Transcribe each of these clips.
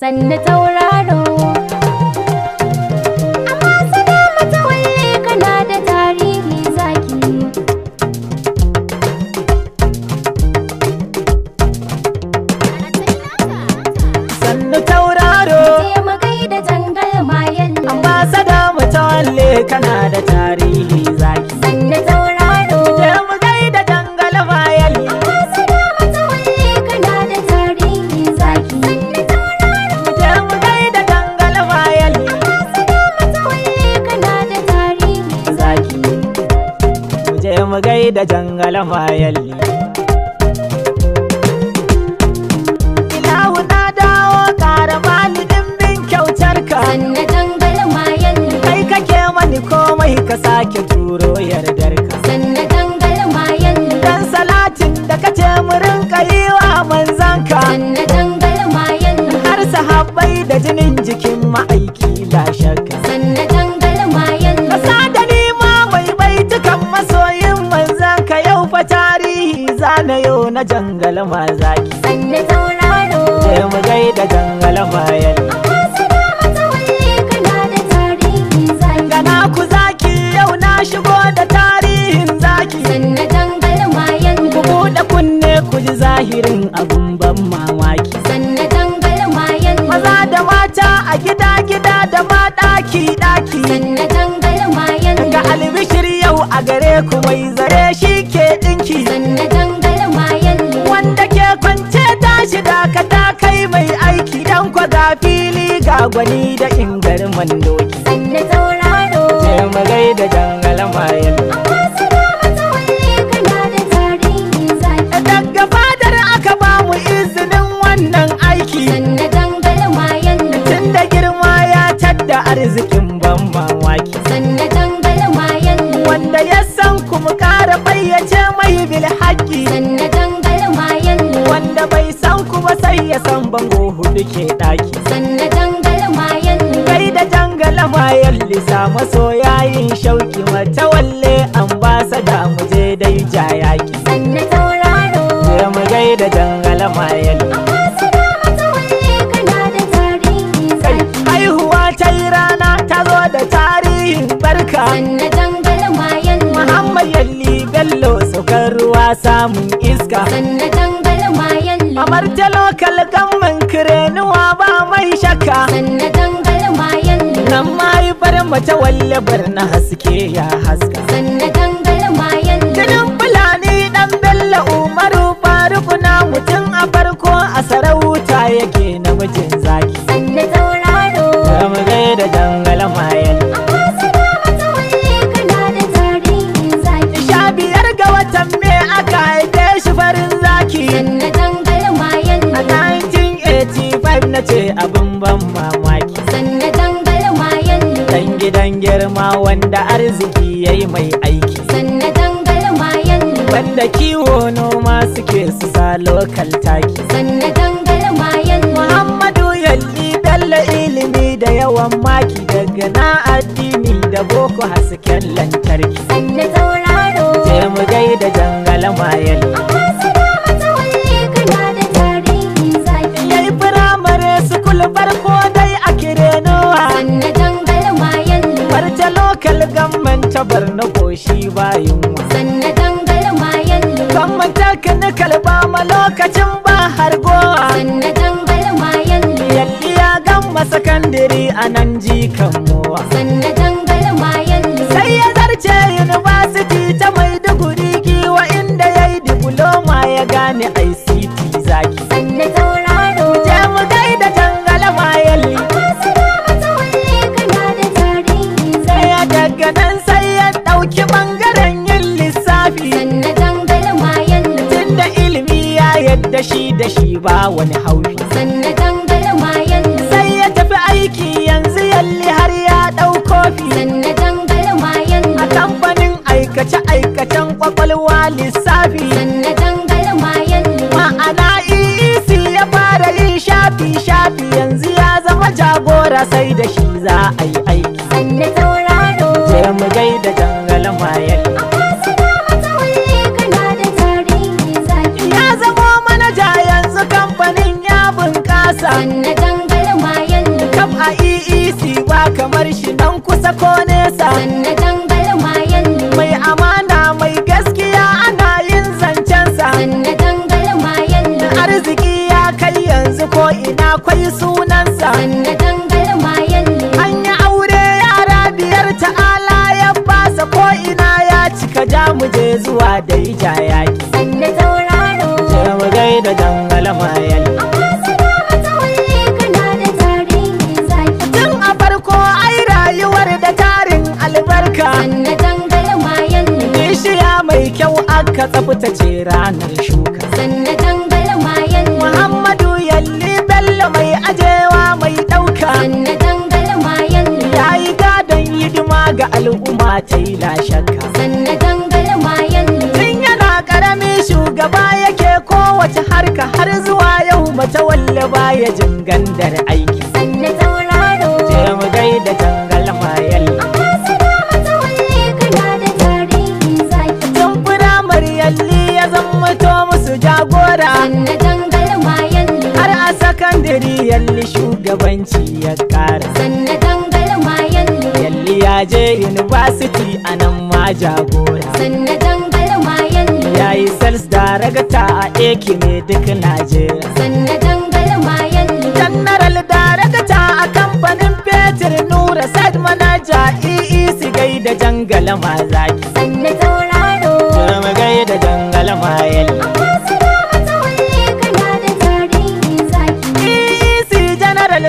sanda tauraro malama yalli ilahu dawo kyautar ka kai kake mani komai ka sake na jangal ma zaki sanne tauraro je mu gaida jangal ma yali Gana ku zaki yau na shigo da tarihin zaki Sanna jangal mayan Ku buɗe kunne ku ji zahirin abin ban mamaki Sanna jangal mayan Maza da mata a gida gida da maɗaki ɗaki ɗaki Sanna jangal mayan Ga albishir yau a gare ku mai zare shi gwani da ingar mandoki sannan sauraro ce mu gaida jan almayan amma sana mata walle kana da tarihi zaki daga fadar aka bamu izinin wannan aiki sannan jan almayan tun da girma ya tadda arzikin ban mamaki sannan jan almayan wanda ya san kuma kara bayyace mai bil haƙi sannan jan almayan wanda bai san kuma sai ya san bango hudu ke ɗaki bisa masoyayin shauki matawalle ambasada mu je dai ja yaki sanna tauraro je mu ba sa da ambasada walle kana da tarihi sarki haihuwa ta rana ta zo da tarihin barka sanna dangala mayal muhammad yalli bello saukar ruwa samun iska sanna dangala mayal amar ta lokal gamman kirenuwa ba mai shakka sanna dangala mayal nan wata bar na haske ya haska sanna dangal mayan tunan fulani dan bello umaru faruku na mutum a farko a sarauta yake gidan girma wanda arziki ya yi mai aiki sannan dangalma yalli wanda kiwo noma suke su sa lokal taki sannan dangalma yalli muhammadu yalli dalla ilimi da yawan maki daga na addini da boko hasken lantarki sannan sauraro je mu gaida dangalma yalli lokal gamman ta barna goshi bayin wa sanna dangal mayan lu gamman ta kana kalba ma lokacin ba har gowa sanna dangal mayan lu yalliya gamma sakandiri anan jikan mowa sanna dangal mayan lu sai ya zarce university ta maiduguri giwa inda yayi diploma ya gane ai ba wani Sanna sannan ma yanzu sai ya tafi aiki yanzu yalli har ya ɗau kofi sannan ma yanzu a kamfanin aikace aikacen kwakwalwa lissafi sannan ma yanzu ma'ana EEC ya fara yin shafi shafi yanzu ya zama jagora sai da shi za a yi aiki sannan tauraro je mu gaida ma yanzu kamar shi dan kusa ko nesa sanna mayan mai amana mai gaskiya ana yin zancensa sanna mayan arziki ya kai yanzu ko ina kwai sunansa sanna dangal mayan an yi aure yara biyar ta'ala ya basa ko ina ya cika jamu je zuwa da ija yaki sanna tauraro je gaida aka tsaftace ranar shuka sanna dangal mayan muhammadu yalli bello mai ajewa mai ɗauka. sanna dangal mayan yayi gadon hidima ga al'umma ta yi lashaka sanna dangal mayan tun yana karami shugaba yake kowace harka har zuwa yau mata walla baya jin gandar aiki diri yalli shugabanci ya kara sanna dangal ma yalli yalli ya je university a nan ma jagora sanna dangal ma yalli ya yi da ragata a eke ne duk najeriya sanna dangal ma yalli general ragata a kamfanin petir nura side manager si e e gai da jangala ma zaki sanna tauraro gai da jangala ma yalli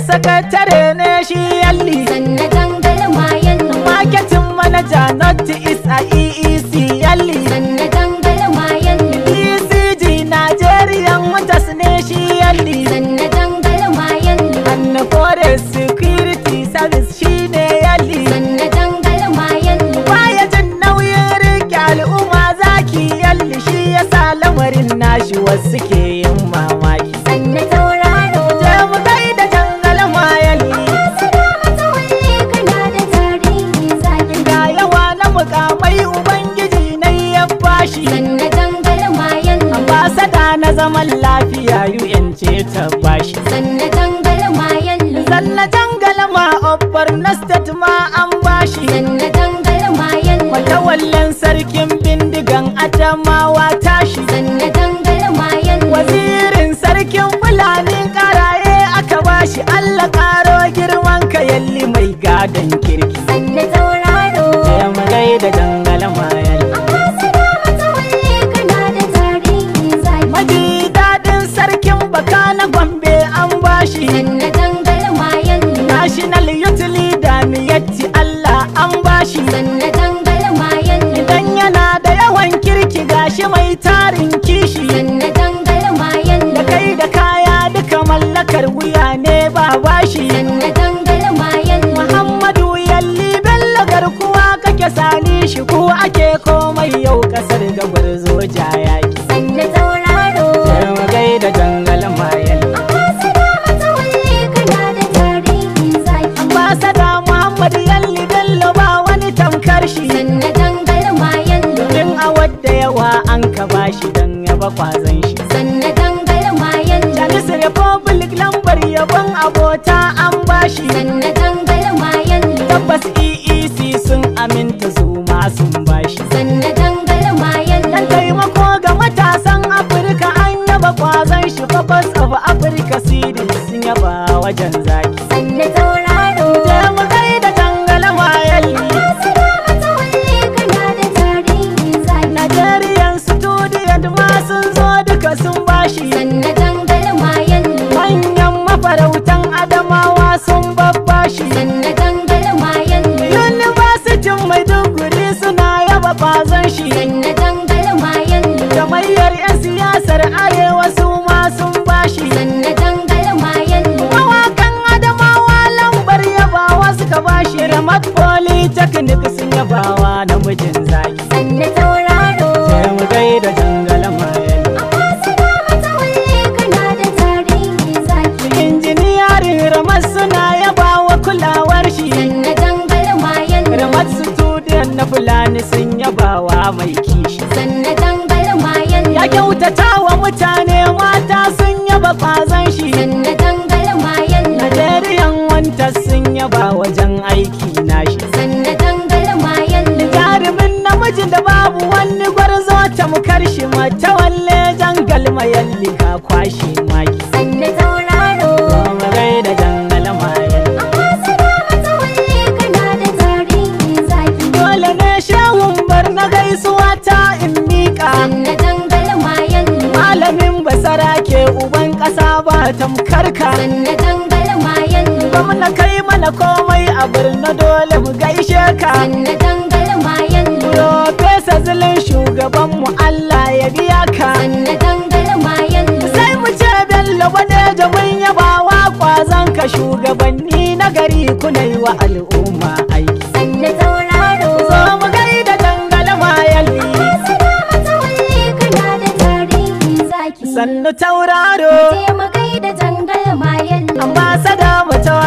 Tangal sakatare ne shi yalli. Sannan dangal mayan. Marketing manager not is a sakar wuya ne ba bashi Muhammadu yalli bello garkuwa kake sani shi ko ake komai yau kasar gabar zo jayaki Sanna tauraro Jarma gaida jangal mayan Ambasada Muhammadu yalli bello ba wani tamkar shi Sanna jangal mayan Domin a wadda yawa an ka shi dan ya ba kwazan shi abota an bashi sannan tangal mayan tabbas EEC sun aminta ma sun bashi sannan tangal mayan dan taimako ga matasan Afirka an yaba kwazon shi Fabas of Africa City sun yaba wajen sarka na dangal gwamna kai mana komai a birni dole mu gaishe ka na dangal mayan profesa zulun shugaban mu Allah ya biya ka na dangal mayan sai mu ce bello bane da mun yaba wa kwazan ka shugabanni na gari kunai wa al'umma aiki sannan gaida sannu tauraro